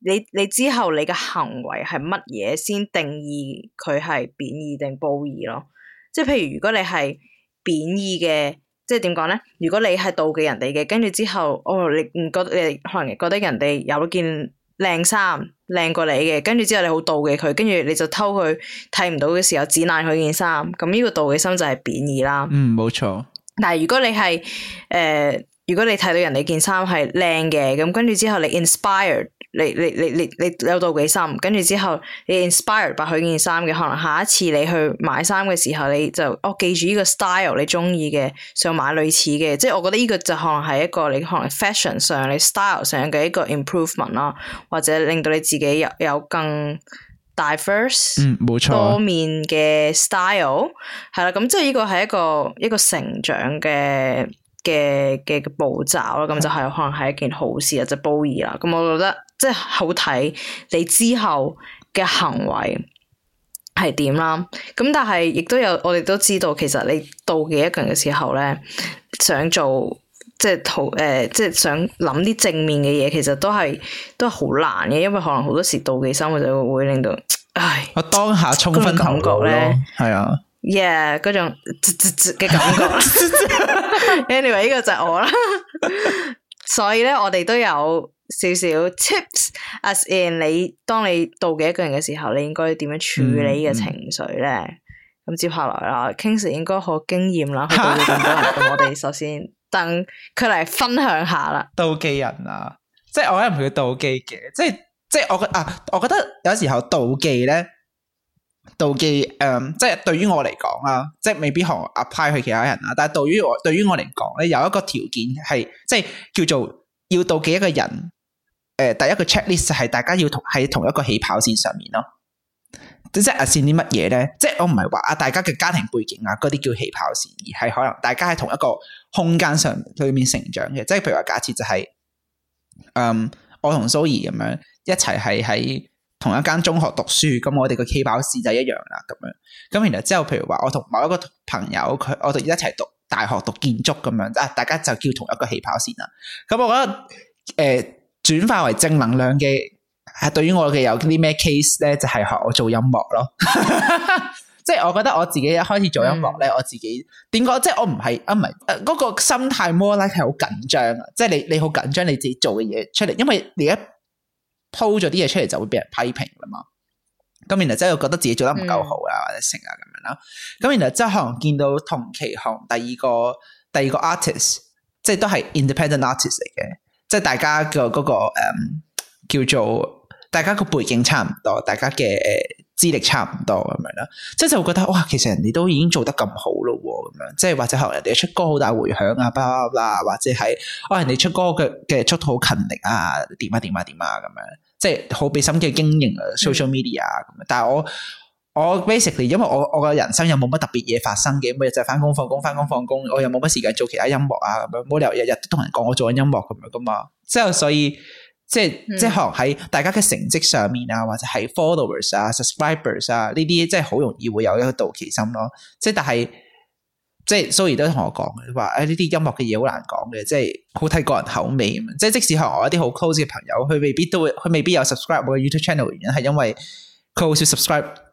你你之後你嘅行為係乜嘢先定義佢係貶義定褒義咯？即係譬如如果你係貶義嘅，即係點講咧？如果你係妒忌人哋嘅，跟住之後哦，你唔覺你可能覺得人哋有件靚衫靚過你嘅，跟住之後你好妒忌佢，跟住你就偷佢睇唔到嘅時候指爛佢件衫，咁呢個妒忌心就係貶義啦。嗯，冇錯。但係如果你係誒、呃，如果你睇到人哋件衫係靚嘅，咁跟住之後你 inspired。你你你你你有妒忌心，跟住之後你 inspire 到佢件衫嘅，可能下一次你去買衫嘅時候，你就哦記住呢個 style 你中意嘅，想買類似嘅，即係我覺得呢個就可能係一個你可能 fashion 上你 style 上嘅一個 improvement 啦，或者令到你自己有有更 diverse，嗯，冇錯，啊、多面嘅 style，係啦，咁即係呢個係一個一個成長嘅嘅嘅步驟啦，咁就係、是、可能係一件好事啊，就褒義啦，咁我覺得。即係好睇你之後嘅行為係點啦，咁但係亦都有我哋都知道，其實你妒忌一個人嘅時候咧，想做即係討誒，即係、欸、想諗啲正面嘅嘢，其實都係都係好難嘅，因為可能好多時妒忌生活就會令到，唉，我當下充分感覺咧，係啊耶，嗰種嘅感覺 ，anyway，呢個就係我啦， 所以咧我哋都有。少少 tips，as in 你，當你妒忌一個人嘅時候，你應該點樣處理嘅情緒咧？咁、嗯嗯、接下來啦，King Sir 應該好經驗啦，妒忌咁多人我哋 首先等佢嚟分享下啦。妒忌人啊，即係我係唔會妒忌嘅，即係即係我嘅啊，我覺得有時候妒忌咧，妒忌誒、嗯，即係對於我嚟講啊，即係未必可 apply 去其他人啊，但係對於我對於我嚟講咧，有一個條件係，即係叫做要妒忌一個人。誒，第一個 checklist 就係大家要同喺同一個起跑線上面咯。即係阿線啲乜嘢咧？即係我唔係話啊，大家嘅家庭背景啊，嗰啲叫起跑線，而係可能大家喺同一個空間上對面成長嘅。即係譬如話假設就係、是，嗯，我同 Zoe 咁樣一齊係喺同一間中學讀書，咁我哋個起跑線就一樣啦。咁樣，咁然後之後譬如話我同某一個朋友佢，我哋一齊讀大學讀建築咁樣啊，大家就叫同一個起跑線啦。咁我覺得誒。呃轉化為正能量嘅，係對於我嘅有啲咩 case 咧，就係、是、學我做音樂咯。 即係我覺得我自己一開始做音樂咧，mm. 我自己點講？即係我唔係啊，唔係嗰個心態 more like 係好緊張啊！即係你你好緊張你自己做嘅嘢出嚟，因為你一 po 咗啲嘢出嚟就會俾人批評啦嘛。咁然後即係我覺得自己做得唔夠好啊，mm. 或者成啊咁樣啦。咁然後即係可能見到同期行第二個第二個 artist、mm. 即 artist，即係都係 independent artist 嚟嘅。即係大家嘅嗰、那個誒、嗯、叫做大家個背景差唔多，大家嘅資歷差唔多咁樣啦。即係就會、是、覺得哇，其實人哋都已經做得咁好咯，咁樣即係或者學人哋出歌好大回響、哦、啊，巴拉巴拉或者係哇，人哋出歌嘅嘅速度好勤力啊，點啊點啊點啊咁樣，即係好俾心機經營啊、嗯、social media 啊咁樣。但係我。我 basically，因為我我嘅人生又冇乜特別嘢發生嘅，每日就係翻工放工翻工放工，我又冇乜時間做其他音樂啊咁樣，冇理由日日都同人講我做緊音樂咁樣噶嘛。之後所以即係、嗯、即係學喺大家嘅成績上面啊，或者係 followers 啊、subscribers 啊呢啲，即係好容易會有一個妒忌心咯。即係但係即係，sorry 都同我講嘅話，呢啲音樂嘅嘢好難講嘅，即係好睇個人口味啊，即係即，即，即使向我一啲好 close 嘅朋友，佢未必都會，佢未必有 subscribe 我嘅 YouTube channel，原因係因為佢好少 subscribe。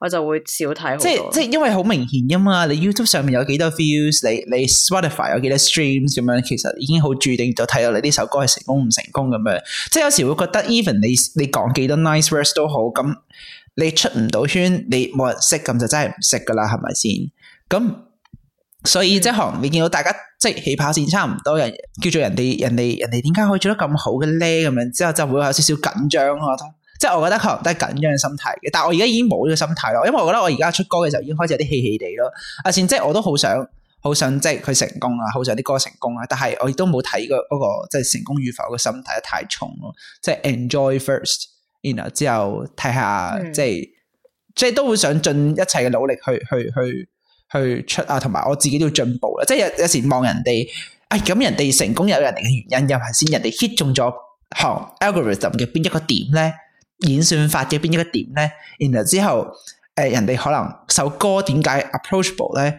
我就會少睇即係即係，因為好明顯噶嘛，你 YouTube 上面有幾多 views，你你 Spotify 有幾多 streams 咁樣，其實已經好注定就睇到你呢首歌係成功唔成功咁樣。即係有時會覺得，even 你你講幾多 nice words 都好，咁你出唔到圈，你冇人識，咁就真係唔識噶啦，係咪先？咁所以即係可能你見到大家即係起跑線差唔多，人叫做人哋人哋人哋點解可以做得咁好嘅咧？咁樣之後就會有少少緊張咯，我覺得即係我覺得佢係得緊張嘅心態嘅，但係我而家已經冇呢個心態咯，因為我覺得我而家出歌嘅時候已經開始有啲氣氣地咯。阿倩，即係我都好想好想即係佢成功啦，好想啲歌成功啦，但係我亦都冇睇個嗰個即係成功與否嘅心態太重咯。即係 enjoy first，然 you 後 know, 之後睇下、嗯、即係即係都會想盡一切嘅努力去去去去,去出啊，同埋我自己都要進步啦。即係有有時望人哋，哎咁人哋成功有人哋嘅原因又係先人，人哋 hit 中咗行 algorithm 嘅邊一個點咧？演算法嘅邊一個點咧？然後之後，誒、呃，人哋可能首歌點解 approachable 咧？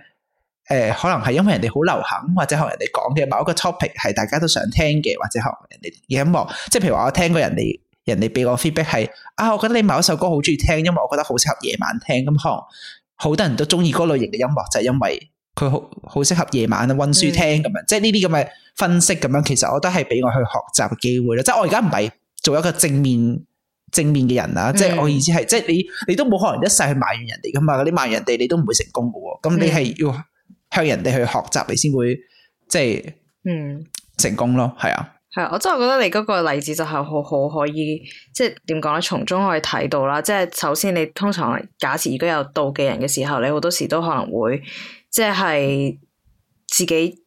誒、呃，可能係因為人哋好流行，或者學人哋講嘅某一個 topic 係大家都想聽嘅，或者學人哋嘅音樂。即係譬如話，我聽過人哋人哋俾我 feedback 係啊，我覺得你某一首歌好中意聽，因為我覺得好適合夜晚聽。咁可能好多人都中意嗰類型嘅音樂，就係、是、因為佢好好適合夜晚啊，溫書聽咁、嗯、樣。即係呢啲咁嘅分析咁樣，其實我都係俾我去學習嘅機會咯。即係我而家唔係做一個正面。正面嘅人啊，嗯、即係我意思係，即係你你都冇可能一世去埋怨人哋噶嘛，你埋怨人哋你都唔會成功噶喎、啊，咁你係要向人哋去學習，你先會即係，嗯，成功咯，係啊，係啊，我真係覺得你嗰個例子就係好好可以，即係點講咧，從中可以睇到啦，即係首先你通常假設如果有妒忌人嘅時候，你好多時都可能會即係自己。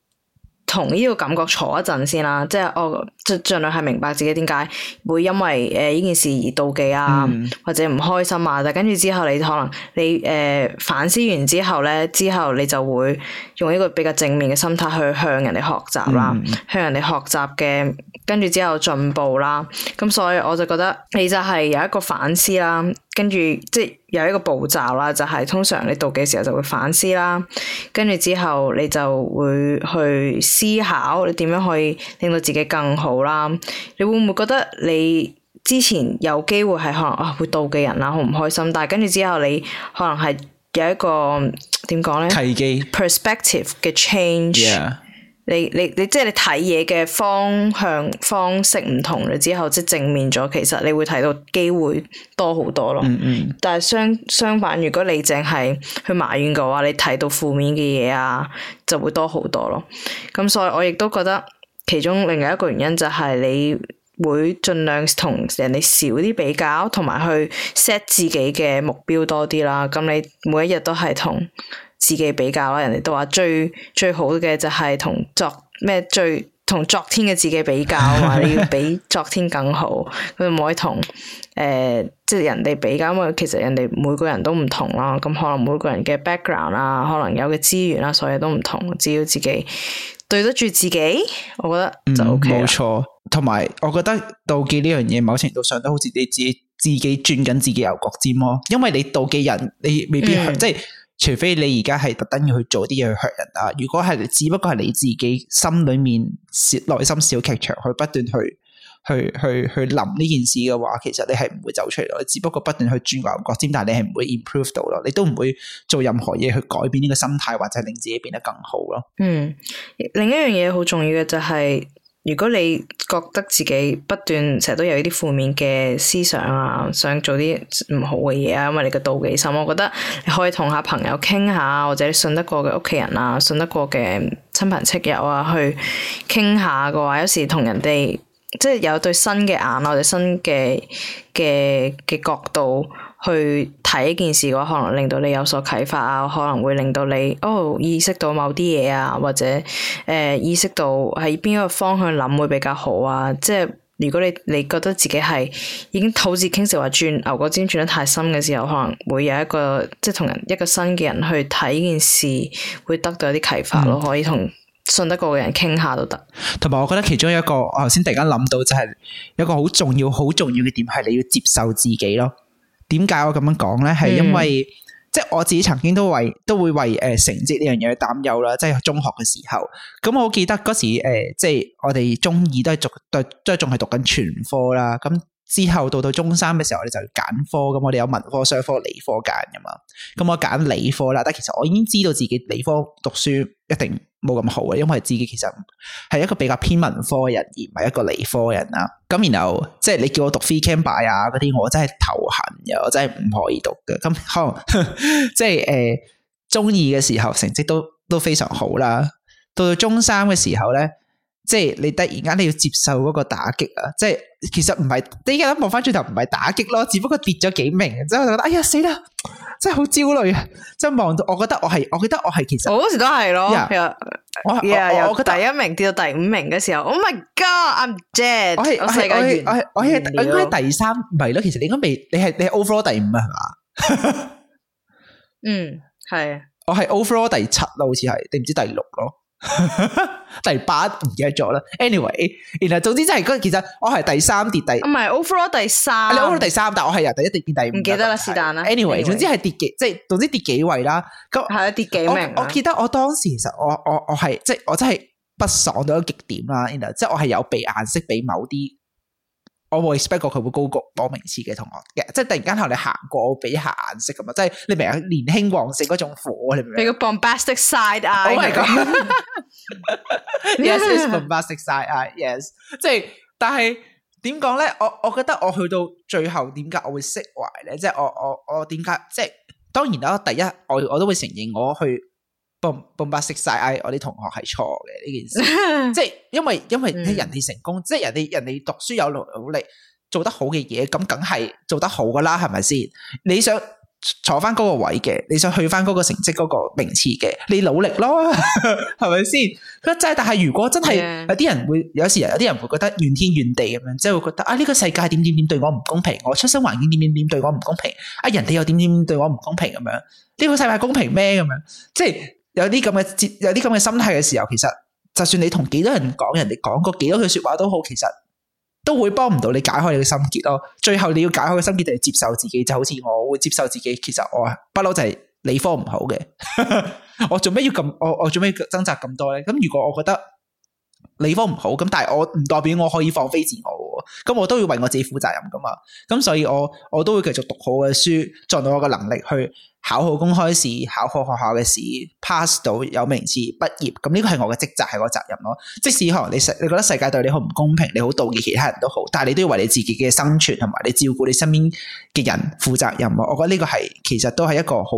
同呢個感覺坐一陣先啦，即係我盡儘量係明白自己點解會因為誒呢件事而妒忌啊，嗯、或者唔開心啊，但跟住之後你可能你誒、呃、反思完之後咧，之後你就會。用一個比較正面嘅心態去向人哋學習啦，嗯、向人哋學習嘅，跟住之後進步啦。咁所以我就覺得，你就係有一個反思啦，跟住即係有一個步驟啦，就係、是、通常你妒忌嘅時候就會反思啦，跟住之後你就會去思考你點樣去令到自己更好啦。你會唔會覺得你之前有機會係可能啊會妒忌人啦，好唔開心，但係跟住之後你可能係。有一個點講呢？提起 perspective 嘅 change，Yeah. 你你你即係、就是、你睇嘢嘅方向方式唔同你之後，即係正面咗，其實你會睇到機會多好多咯。嗯嗯、mm，hmm. 但係相相反，如果你淨係去埋怨嘅話，你睇到負面嘅嘢啊，就會多好多咯。咁所以我亦都覺得其中另外一個原因就係你。會盡量同人哋少啲比較，同埋去 set 自己嘅目標多啲啦。咁你每一日都係同自己比較啦。人哋都話最最好嘅就係同昨咩最同昨天嘅自己比較啊 話你要比昨天更好，佢唔可以同誒、呃、即係人哋比較，因為其實人哋每個人都唔同啦。咁可能每個人嘅 background 啊，可能有嘅資源啊，所有都唔同。只要自己。對得住自己，我覺得就 OK，冇錯。同埋、嗯，我覺得妒忌呢樣嘢，某程度上都好似你自己自己轉緊自己牛角尖咯，哦。因為你妒忌人，你未必去，嗯、即係除非你而家係特登要去做啲嘢去嚇人啊。如果係只不過係你自己心裏面小內心小劇場不斷去不斷去。去去去諗呢件事嘅話，其實你係唔會走出嚟咯。你只不過不斷去鑽牛角尖，但係你係唔會 improve 到咯。你都唔會做任何嘢去改變呢個心態，或者令自己變得更好咯。嗯，另一樣嘢好重要嘅就係，如果你覺得自己不斷成日都有啲負面嘅思想啊，想做啲唔好嘅嘢啊，因為你嘅妒忌心，我覺得你可以同下朋友傾下，或者你信得過嘅屋企人啊，信得過嘅親朋戚友啊，去傾下嘅話，有時同人哋。即係有對新嘅眼或者新嘅嘅嘅角度去睇一件事嘅話，可能令到你有所啟發啊，可能會令到你哦意識到某啲嘢啊，或者誒、呃、意識到喺邊一個方向諗會比較好啊。即係如果你你覺得自己係已經土字傾時話轉牛角尖轉得太深嘅時候，可能會有一個即係同人一個新嘅人去睇呢件事，會得到一啲啟發咯，嗯、可以同。信得過嘅人傾下都得，同埋我覺得其中一個我頭先突然間諗到就係一個好重要、好重要嘅點係你要接受自己咯。點解我咁樣講咧？係因為、嗯、即係我自己曾經都為都會為誒、呃、成績呢樣嘢去擔憂啦。即係中學嘅時候，咁我記得嗰時誒、呃，即係我哋中二都係讀讀即係仲係讀緊全科啦。咁之後到到中三嘅時候咧，就揀科，咁我哋有文科、商科、理科揀噶嘛。咁我揀理科啦，但其實我已經知道自己理科讀書一定，冇咁好啊，因為自己其實係一個比較偏文科人，而唔係一個理科人啦。咁然後即係你叫我讀 free cam 牌啊嗰啲，我真係頭痕嘅，我真係唔可以讀嘅。咁可能 即係誒、呃，中二嘅時候成績都都非常好啦。到到中三嘅時候咧。即係你突然間你要接受嗰個打擊啊！即係其實唔係，你而家諗望翻轉頭唔係打擊咯，只不過跌咗幾名，之後就覺得哎呀死啦！真係好焦慮啊！即係望到我覺得我係，我記得我係其實，我嗰時都係咯，yeah, 我 yeah, 我我, yeah, 我覺第一名跌到第五名嘅時候，Oh my God，I'm dead！我係我係我我係我,我,我,我,我,我應該係第三，唔係了咯，其實你應該未，你係你係 overall 第五啊，係嘛？ 嗯，係。 我係 overall 第七咯，好似係，定唔知第六咯。第八唔記得咗啦，anyway，然後總之真係嗰其實我係第三跌第，唔係 overall 第三，你 overall 第三，但係我係由第一跌到第五，唔記得啦是但啦，anyway，總之係跌幾，即係總之跌幾位啦，咁係跌幾名？我記得我當時其實我我我係即係我真係不爽到極點啦，然後即係我係有俾顏色俾某啲。我會 expect 過佢會高過多名次嘅同學嘅，即係突然間後你行過，我俾一下眼色咁啊！即係你明唔明？年輕旺盛嗰種火，你明唔明？你個 bombastic side eye，我係咁。Yes，is bombastic side eye。Yes，即係，但係點講咧？我我覺得我去到最後，點解我會釋懷咧？即係我我我點解？即係當然啦，第一，我我都會承認我去。崩崩白食曬，我啲同學係錯嘅呢件事，即係 因為因為人哋成功，即係人哋人哋讀書有努力做得好嘅嘢，咁梗係做得好噶啦，係咪先？你想坐翻嗰個位嘅，你想去翻嗰個成績嗰個名次嘅，你努力咯，係咪先？咁即係，但係如果真係 Yeah. 有啲人會有時有啲人會覺得怨天怨地咁樣，即係會覺得啊呢個世界點點點對我唔公平，我出生環境點點點對我唔公平，啊人哋又點點點對我唔公平咁樣，呢個世界公平咩咁樣？即係。有啲咁嘅接，有啲咁嘅心態嘅時候，其實就算你同幾多人講，人哋講過幾多句說話都好，其實都會幫唔到你解開你嘅心結咯。最後你要解開嘅心結就係接受自己，就好似我會接受自己，其實我不嬲就係理科唔好嘅， 我做咩要咁，我我做咩掙扎咁多呢？咁如果我覺得理科唔好，咁但係我唔代表我可以放飛自我。咁我都要為我自己負責任噶嘛，咁所以我我都會繼續讀好嘅書，盡到我嘅能力去考好公開試，考好學校嘅試，pass 到有名次畢業，咁呢個係我嘅職責，係我嘅責任咯。即使可能你世你覺得世界對你好唔公平，你好妒忌其他人都好，但係你都要為你自己嘅生存同埋你照顧你身邊嘅人負責任。我覺得呢個係其實都係一個好。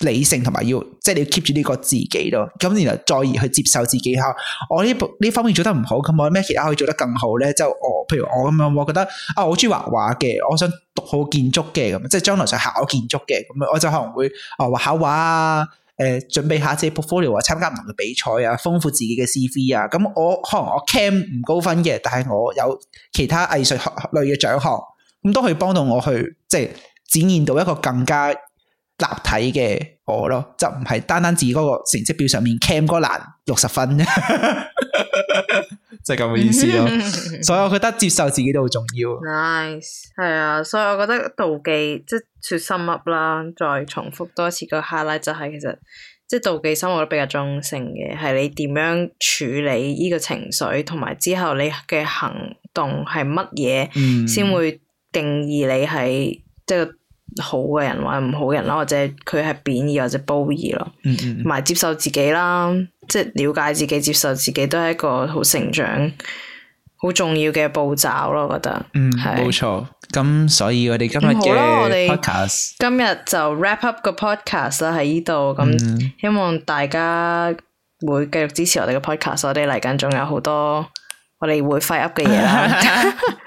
理性同埋要，即係你要 keep 住呢個自己咯。咁然後再而去接受自己，哈，我呢呢方面做得唔好，咁我咩其他可以做得更好咧？就我，譬如我咁樣，我覺得啊、哦，我好中意畫畫嘅，我想讀好建築嘅，咁即係將來想考建築嘅，咁我就可能會啊、哦、畫下畫啊，誒、呃，準備一下啲 portfolio 啊，參加唔同嘅比賽啊，豐富自己嘅 CV 啊。咁我可能我 cam 唔高分嘅，但係我有其他藝術學類嘅獎項，咁都可以幫到我去，即係展現到一個更加。立體嘅我咯，就唔係單單指嗰個成績表上面 cam 嗰欄六十分，啫，即係咁嘅意思咯、mm。Hmm. 所以我覺得接受自己都好重要。Nice，係啊，所以我覺得妒忌即係 to sum up 啦，再重複多一次個 highlight，就係其實即係妒忌心，我覺得比較中性嘅，係你點樣處理呢個情緒，同埋之後你嘅行動係乜嘢，先、mm hmm. 會定義你係即係好嘅人或者唔好嘅人啦，或者佢係貶義或者褒義咯，同埋、嗯嗯、接受自己啦，即係了解自己、接受自己都係一個好成長、好重要嘅步驟咯。我覺得，嗯，係，冇錯。咁所以我哋今日嘅 podcast 今日就 wrap up 個 podcast 啦，喺呢度。咁希望大家會繼續支持我哋嘅 podcast。我哋嚟緊仲有好多我哋會廢噏嘅嘢啦。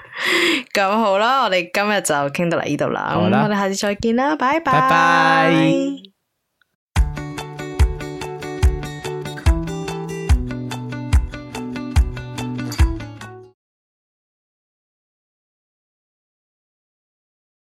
咁 好啦，我哋今日就傾到嚟呢度啦。咁好啦，我哋下次再見啦，拜拜。Bye bye。